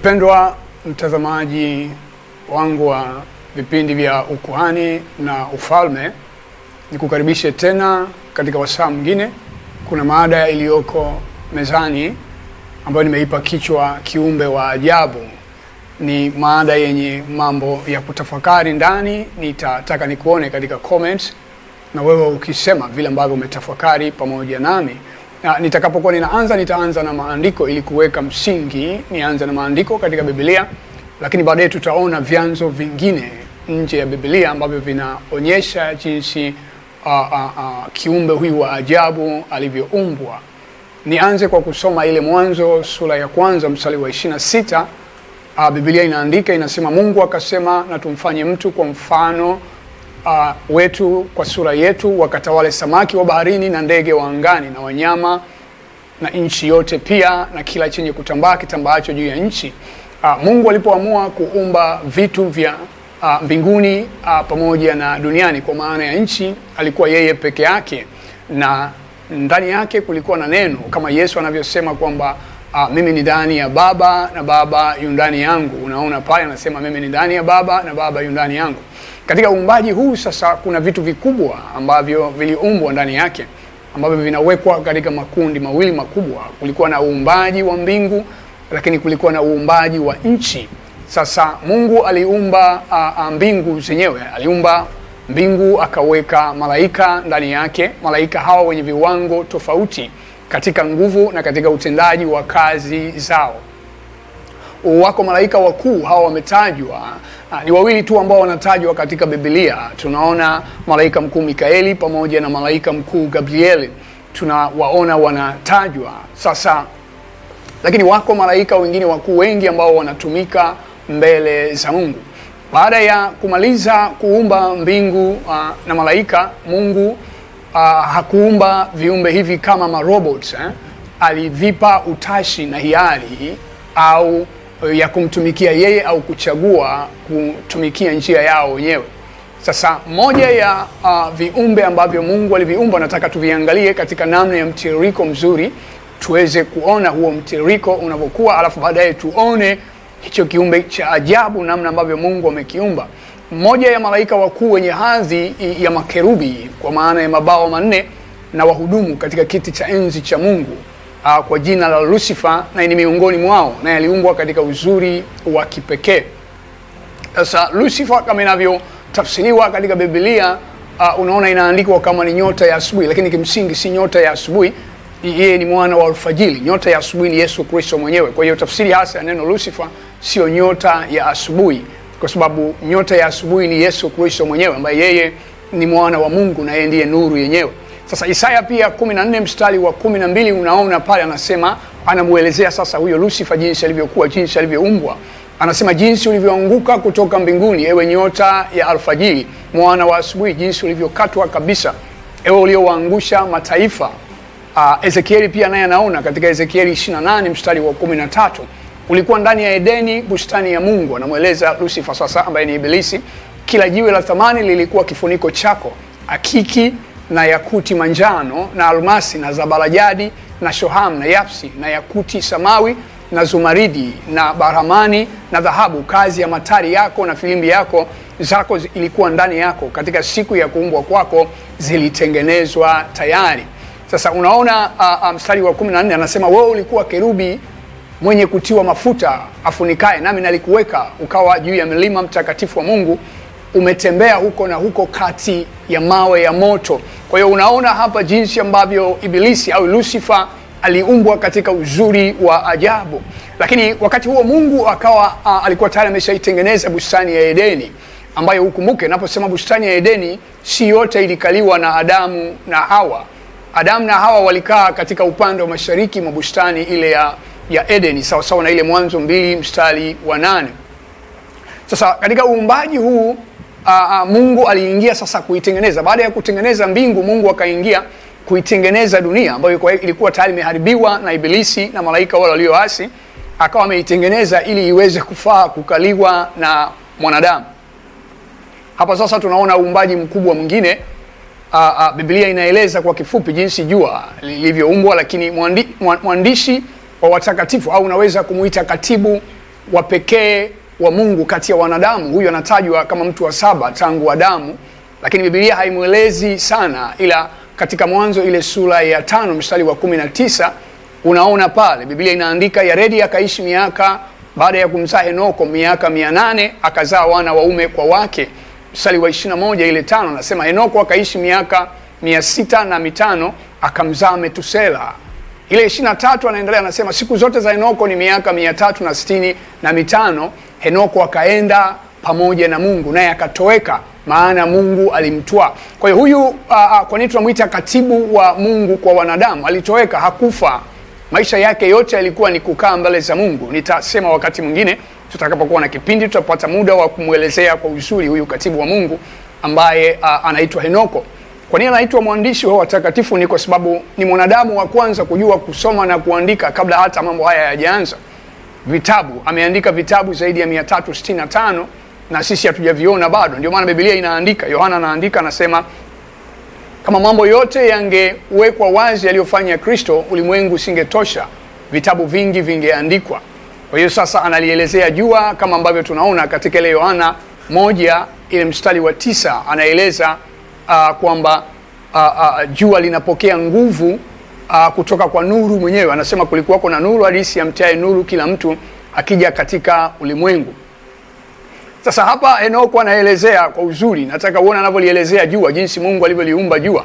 Mpendwa mtazamaji wangu wa vipindi vya ukuhani na ufalme, nikukaribishe tena katika wasaa mwingine. Kuna mada iliyoko mezani ambayo nimeipa kichwa kiumbe wa ajabu. Ni mada yenye mambo ya kutafakari ndani. Nitataka nikuone katika comment na wewe ukisema vile ambavyo umetafakari pamoja nami na nitakapokuwa ninaanza nitaanza na maandiko ili kuweka msingi, nianze na maandiko katika Biblia, lakini baadaye tutaona vyanzo vingine nje ya Biblia ambavyo vinaonyesha jinsi uh, uh, uh, kiumbe huyu wa ajabu alivyoumbwa. Nianze kwa kusoma ile Mwanzo sura ya kwanza mstari wa 26. Uh, Biblia inaandika inasema, Mungu akasema, na tumfanye mtu kwa mfano uh, wetu kwa sura yetu, wakatawale samaki wa baharini na ndege wa angani na wanyama na nchi yote pia na kila chenye kutambaa kitambaacho juu ya nchi. Uh, Mungu alipoamua kuumba vitu vya uh, mbinguni uh, pamoja na duniani kwa maana ya nchi, alikuwa yeye peke yake, na ndani yake kulikuwa na neno, kama Yesu anavyosema kwamba Ah, mimi ni ndani ya Baba na Baba yu ndani yangu. Unaona pale anasema mimi ni ndani ya Baba na Baba yu ndani yangu. Katika uumbaji huu sasa, kuna vitu vikubwa ambavyo viliumbwa ndani yake ambavyo vinawekwa katika makundi mawili makubwa. Kulikuwa na uumbaji wa mbingu, lakini kulikuwa na uumbaji wa nchi. Sasa Mungu aliumba a, a, mbingu zenyewe, aliumba mbingu akaweka malaika ndani yake, malaika hawa wenye viwango tofauti katika nguvu na katika utendaji wa kazi zao. Wako malaika wakuu hawa wametajwa, ah, ni wawili tu ambao wanatajwa katika Biblia. Tunaona malaika mkuu Mikaeli pamoja na malaika mkuu Gabrieli, tunawaona wanatajwa sasa, lakini wako malaika wengine wakuu wengi ambao wanatumika mbele za Mungu. Baada ya kumaliza kuumba mbingu ah, na malaika Mungu uh, hakuumba viumbe hivi kama marobots eh? Alivipa utashi na hiari au ya kumtumikia yeye au kuchagua kutumikia njia yao wenyewe. Sasa moja ya uh, viumbe ambavyo Mungu aliviumba, nataka tuviangalie katika namna ya mtiririko mzuri, tuweze kuona huo mtiririko unavyokuwa, alafu baadaye tuone hicho kiumbe cha ajabu, namna ambavyo Mungu amekiumba mmoja ya malaika wakuu wenye hadhi ya makerubi kwa maana ya mabawa manne na wahudumu katika kiti cha enzi cha Mungu aa, kwa jina la Lucifer, na ni miongoni mwao, naye aliumbwa katika uzuri wa kipekee. Sasa Lucifer kama inavyotafsiriwa katika Biblia unaona inaandikwa kama ni nyota ya asubuhi, lakini kimsingi si nyota ya asubuhi. Yeye ni mwana wa alfajili. Nyota ya asubuhi ni Yesu Kristo mwenyewe. Kwa hiyo tafsiri hasa ya neno Lucifer sio nyota ya asubuhi kwa sababu nyota ya asubuhi ni Yesu Kristo mwenyewe ambaye yeye ni mwana wa Mungu na yeye ndiye nuru yenyewe. Sasa Isaya pia 14 mstari wa 12 unaona pale anasema, anamuelezea sasa huyo Lucifer jinsi alivyokuwa, jinsi alivyoumbwa. Anasema jinsi ulivyoanguka kutoka mbinguni, ewe nyota ya alfajiri, mwana wa asubuhi, jinsi ulivyokatwa kabisa, ewe uliowaangusha mataifa. Uh, Ezekieli pia naye anaona katika Ezekieli 28 mstari wa 13 ulikuwa ndani ya Edeni, bustani ya Mungu. Anamweleza Lucifer sasa, ambaye ni Ibilisi, kila jiwe la thamani lilikuwa kifuniko chako, akiki na yakuti manjano na almasi na zabarajadi na shoham na yapsi na yakuti samawi na zumaridi na baramani na dhahabu, kazi ya matari yako na filimbi yako zako ilikuwa ndani yako, katika siku ya kuumbwa kwako zilitengenezwa tayari. Sasa unaona, uh, mstari wa 14 anasema wewe ulikuwa kerubi mwenye kutiwa mafuta afunikaye, nami nalikuweka ukawa juu ya mlima mtakatifu wa Mungu, umetembea huko na huko kati ya mawe ya moto. Kwa hiyo unaona hapa jinsi ambavyo Ibilisi au Lucifer aliumbwa katika uzuri wa ajabu, lakini wakati huo Mungu akawa a, alikuwa tayari ameshaitengeneza bustani ya Edeni ambayo ukumbuke, naposema bustani ya Edeni, si yote ilikaliwa na Adamu na Hawa. Adamu na Hawa walikaa katika upande wa mashariki mwa bustani ile ya ya Edeni sawa sawa na ile Mwanzo mbili mstari wa nane. Sasa katika uumbaji huu a, a, Mungu aliingia sasa kuitengeneza. Baada ya kutengeneza mbingu, Mungu akaingia kuitengeneza dunia ambayo ilikuwa tayari imeharibiwa na Ibilisi na malaika wale walioasi, akawa ameitengeneza ili iweze kufaa kukaliwa na mwanadamu. Hapa sasa tunaona uumbaji mkubwa mwingine. Biblia inaeleza kwa kifupi jinsi jua lilivyoumbwa, lakini mwandi, mwandishi wa watakatifu au unaweza kumuita katibu wa pekee wa Mungu kati ya wanadamu. Huyu anatajwa kama mtu wa saba tangu Adamu, lakini Biblia haimwelezi sana, ila katika Mwanzo ile sura ya tano mstari wa kumi na tisa unaona pale Biblia inaandika, Yaredi akaishi miaka baada ya kumzaa Henoko miaka mia nane akazaa wana waume kwa wake. Mstari wa ishirini na moja ile tano nasema Henoko akaishi miaka mia sita na mitano akamzaa Metusela. Ile ishirini na tatu anaendelea anasema, siku zote za Henoko ni miaka mia tatu na sitini na mitano. Henoko akaenda pamoja na Mungu naye akatoweka, maana Mungu alimtwaa. Kwa hiyo huyu kwa nini tunamwita katibu wa Mungu kwa wanadamu? Alitoweka, hakufa. Maisha yake yote yalikuwa ni kukaa mbele za Mungu. Nitasema wakati mwingine tutakapokuwa na kipindi, tutapata muda wa kumwelezea kwa uzuri huyu katibu wa Mungu ambaye anaitwa Henoko. Kwa nini anaitwa mwandishi wa watakatifu? Ni kwa sababu ni mwanadamu wa kwanza kujua kusoma na kuandika kabla hata mambo haya hayajaanza. Vitabu ameandika vitabu zaidi ya 365 na sisi hatujaviona bado. Ndio maana Biblia inaandika, Yohana anaandika, anasema kama mambo yote yangewekwa wazi aliyofanya Kristo, ulimwengu usingetosha, vitabu vingi vingeandikwa. Kwa hiyo sasa analielezea jua kama ambavyo tunaona katika ile Yohana moja ile mstari wa tisa anaeleza uh, kwamba uh, uh, jua linapokea nguvu uh, kutoka kwa nuru mwenyewe. Anasema kulikuwako na nuru halisi amtiaye nuru kila mtu akija katika ulimwengu. Sasa hapa Enoko anaelezea kwa uzuri, nataka uone anavyolielezea jua, jinsi Mungu alivyoliumba jua.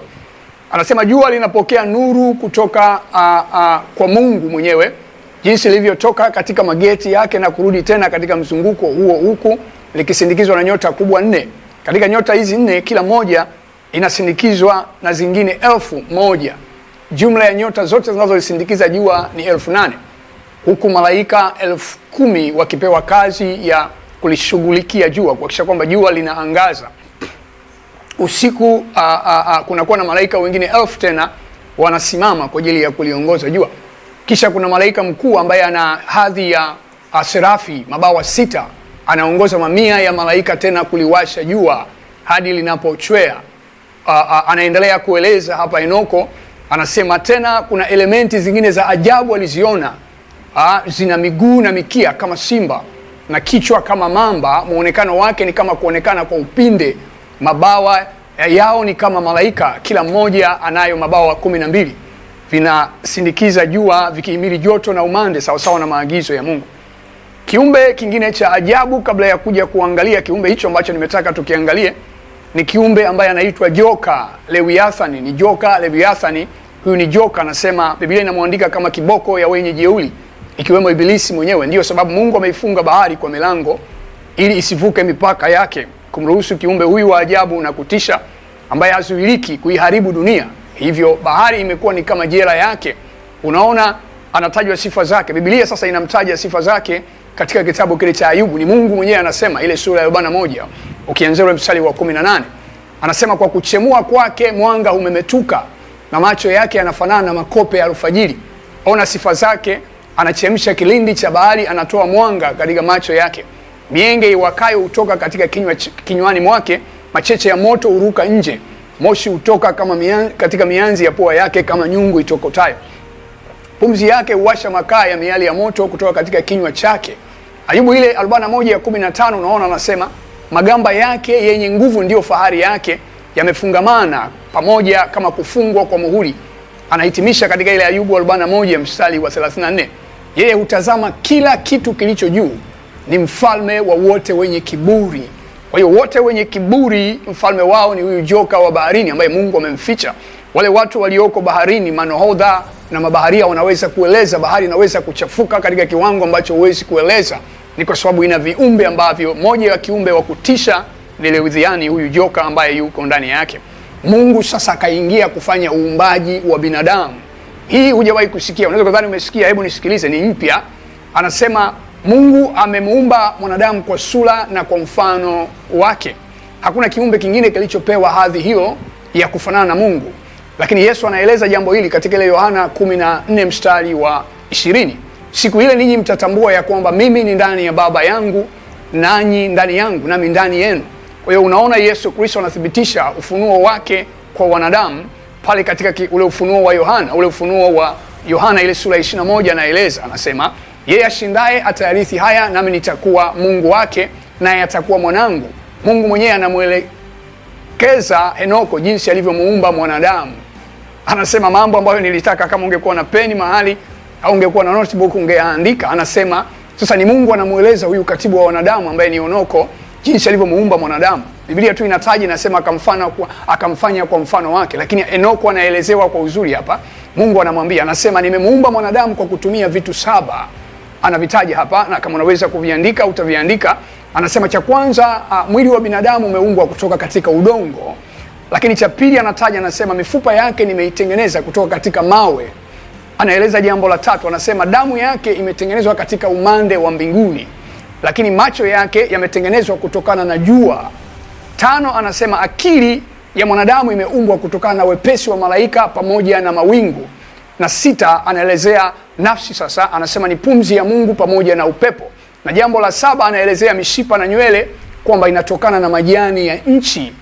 Anasema jua linapokea nuru kutoka uh, uh, kwa Mungu mwenyewe, jinsi lilivyotoka katika mageti yake na kurudi tena katika mzunguko huo, huku likisindikizwa na nyota kubwa nne. Katika nyota hizi nne, kila moja inasindikizwa na zingine elfu moja. Jumla ya nyota zote zinazolisindikiza jua ni elfu nane huku malaika elfu kumi wakipewa kazi ya kulishughulikia jua, kuhakikisha kwamba jua linaangaza usiku. Kunakuwa na malaika wengine elfu tena wanasimama kwa ajili ya kuliongoza jua. Kisha kuna malaika mkuu ambaye ana hadhi ya aserafi mabawa sita, anaongoza mamia ya malaika tena kuliwasha jua hadi linapochwea anaendelea kueleza hapa Enoko anasema tena kuna elementi zingine za ajabu aliziona. zina miguu na mikia kama simba na kichwa kama mamba. Muonekano wake ni kama kuonekana kwa upinde. Mabawa yao ni kama malaika, kila mmoja anayo mabawa kumi na mbili. Vinasindikiza jua vikihimili joto na umande, sawasawa na maagizo ya Mungu. Kiumbe kingine cha ajabu, kabla ya kuja kuangalia kiumbe hicho ambacho nimetaka tukiangalie ni kiumbe ambaye anaitwa joka Lewiathani. Ni joka Lewiathani, huyu ni joka, anasema Biblia inamwandika kama kiboko ya wenye jeuli, ikiwemo Ibilisi mwenyewe. ndio sababu Mungu ameifunga bahari kwa milango ili isivuke mipaka yake, kumruhusu kiumbe huyu wa ajabu na kutisha ambaye hazuiliki kuiharibu dunia. Hivyo bahari imekuwa ni kama jela yake. Unaona, anatajwa sifa zake. Biblia sasa inamtaja sifa zake katika kitabu kile cha Ayubu. Ni Mungu mwenyewe anasema, ile sura ya arobaini moja ukianzia ule mstari wa 18 anasema kwa kuchemua kwake mwanga umemetuka na macho yake yanafanana na makope ya alfajiri. Ona sifa zake, anachemsha kilindi cha bahari, anatoa mwanga katika macho yake. Mienge iwakayo hutoka katika kinywa kinywani mwake, macheche ya moto huruka nje, moshi hutoka kama mian, katika mianzi ya pua yake kama nyungu itokotayo. Pumzi yake huwasha makaa ya miali ya moto kutoka katika kinywa chake. Ayubu ile 41 ya 15 unaona anasema Magamba yake yenye nguvu ndiyo fahari yake, yamefungamana pamoja kama kufungwa kwa muhuri. Anahitimisha katika ile Ayubu 41 mstari wa 34, yeye hutazama kila kitu kilicho juu, ni mfalme wa wote wenye kiburi. Kwa hiyo wote wenye kiburi mfalme wao ni huyu joka wa baharini ambaye Mungu amemficha. Wale watu walioko baharini, manohodha na mabaharia, wanaweza kueleza bahari inaweza kuchafuka katika kiwango ambacho huwezi kueleza ni kwa sababu ina viumbe ambavyo moja ya kiumbe wa kutisha Leleudhiani, huyu joka ambaye yuko ndani yake. Mungu sasa akaingia kufanya uumbaji wa binadamu. Hii hujawahi kusikia, unaweza kudhani umesikia. Hebu nisikilize, ni mpya. Anasema Mungu amemuumba mwanadamu kwa sura na kwa mfano wake. Hakuna kiumbe kingine kilichopewa hadhi hiyo ya kufanana na Mungu, lakini Yesu anaeleza jambo hili katika ile Yohana 14 mstari wa Siku ile ninyi mtatambua ya kwamba mimi ni ndani ya Baba yangu, nanyi ndani yangu, nami ndani yenu. Kwa hiyo unaona, Yesu Kristo anathibitisha ufunuo wake kwa wanadamu pale katika ki, ule ufunuo wa Yohana, ule ufunuo wa Yohana ile sura 21, anaeleza anasema, yeye ashindaye atayarithi haya, nami nitakuwa Mungu wake, naye atakuwa mwanangu. Mungu mwenyewe anamwelekeza Henoko jinsi alivyomuumba mwanadamu, anasema mambo ambayo nilitaka, kama ungekuwa na peni mahali au ungekuwa na notebook ungeandika. Anasema sasa ni Mungu anamweleza huyu katibu wa wanadamu ambaye ni Onoko jinsi alivyomuumba mwanadamu. Biblia tu inataja inasema akamfana kwa, akamfanya kwa mfano wake, lakini Enoko anaelezewa kwa uzuri hapa. Mungu anamwambia anasema, nimemuumba mwanadamu kwa kutumia vitu saba, anavitaja hapa, na kama unaweza kuviandika utaviandika. Anasema cha kwanza, ah, mwili wa binadamu umeungwa kutoka katika udongo, lakini cha pili anataja, anasema mifupa yake nimeitengeneza kutoka katika mawe anaeleza jambo la tatu, anasema damu yake imetengenezwa katika umande wa mbinguni, lakini macho yake yametengenezwa kutokana na jua. Tano, anasema akili ya mwanadamu imeumbwa kutokana na wepesi wa malaika pamoja na mawingu. Na sita, anaelezea nafsi. Sasa anasema ni pumzi ya Mungu pamoja na upepo. Na jambo la saba, anaelezea mishipa na nywele kwamba inatokana na majani ya nchi.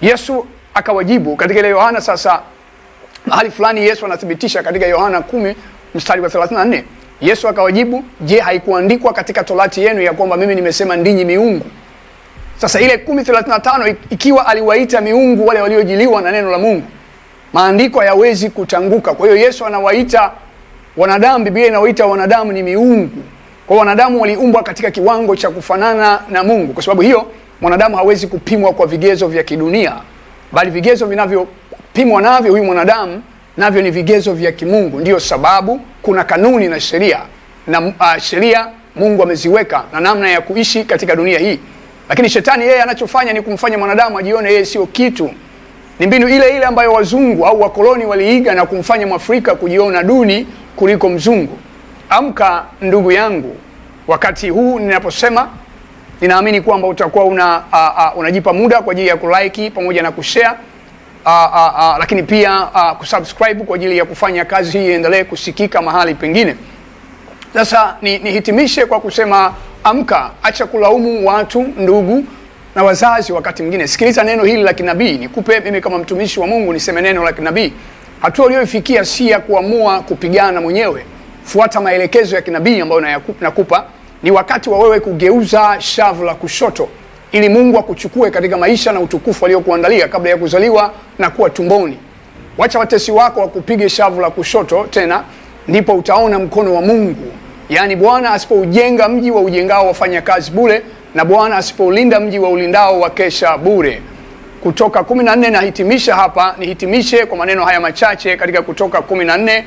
Yesu akawajibu katika ile Yohana sasa mahali fulani Yesu anathibitisha katika Yohana kumi mstari wa 34. Yesu akawajibu, je, haikuandikwa katika torati yenu ya kwamba mimi nimesema ndinyi miungu? Sasa ile 10:35 ikiwa aliwaita miungu wale waliojiliwa na neno la Mungu, maandiko hayawezi kutanguka. Kwa hiyo Yesu anawaita wanadamu, Biblia inawaita wanadamu ni miungu. Kwa wanadamu waliumbwa katika kiwango cha kufanana na Mungu. Kwa sababu hiyo mwanadamu hawezi kupimwa kwa vigezo vya kidunia, bali vigezo vinavyo vinavyopimwa navyo huyu mwanadamu navyo ni vigezo vya kimungu. Ndiyo sababu kuna kanuni na sheria na uh, sheria Mungu ameziweka na namna ya kuishi katika dunia hii, lakini shetani yeye anachofanya ni kumfanya mwanadamu ajione yeye sio kitu. Ni mbinu ile ile ambayo wazungu au wakoloni waliiga na kumfanya mwafrika kujiona duni kuliko mzungu. Amka ndugu yangu, wakati huu ninaposema, ninaamini kwamba utakuwa una, uh, uh, unajipa muda kwa ajili ya kulike pamoja na kushare Uh, uh, uh, lakini pia uh, kusubscribe kwa ajili ya kufanya kazi hii iendelee kusikika mahali pengine. Sasa nihitimishe ni kwa kusema amka, acha kulaumu watu, ndugu na wazazi. Wakati mwingine sikiliza neno hili la kinabii. Nikupe mimi kama mtumishi wa Mungu niseme neno la kinabii. Hatua uliyoifikia si ya kuamua kupigana mwenyewe, fuata maelekezo ya kinabii ambayo nakupa. Ni wakati wa wewe kugeuza shavu la kushoto ili Mungu akuchukue katika maisha na utukufu aliyokuandalia kabla ya kuzaliwa na kuwa tumboni. Wacha watesi wako wakupige shavu la kushoto, tena ndipo utaona mkono wa Mungu. Yaani, Bwana asipoujenga mji wa ujengao wafanya kazi bure, na Bwana asipoulinda mji wa ulindao wakesha bure. Kutoka 14. Nahitimisha hapa, nihitimishe kwa maneno haya machache katika Kutoka 14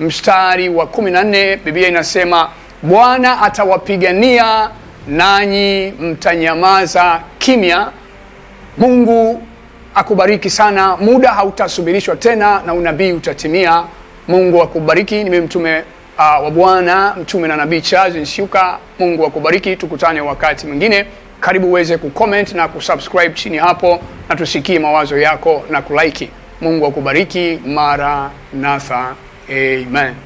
mstari wa 14, Biblia inasema Bwana atawapigania nanyi mtanyamaza kimya. Mungu akubariki sana. Muda hautasubirishwa tena na unabii utatimia. Mungu akubariki. Ni mimi mtume uh, wa Bwana, mtume na nabii Charles Nshuka. Mungu akubariki, tukutane wakati mwingine. Karibu uweze kucomment na kusubscribe chini hapo, na tusikie mawazo yako na kulike. Mungu akubariki. mara natha amen.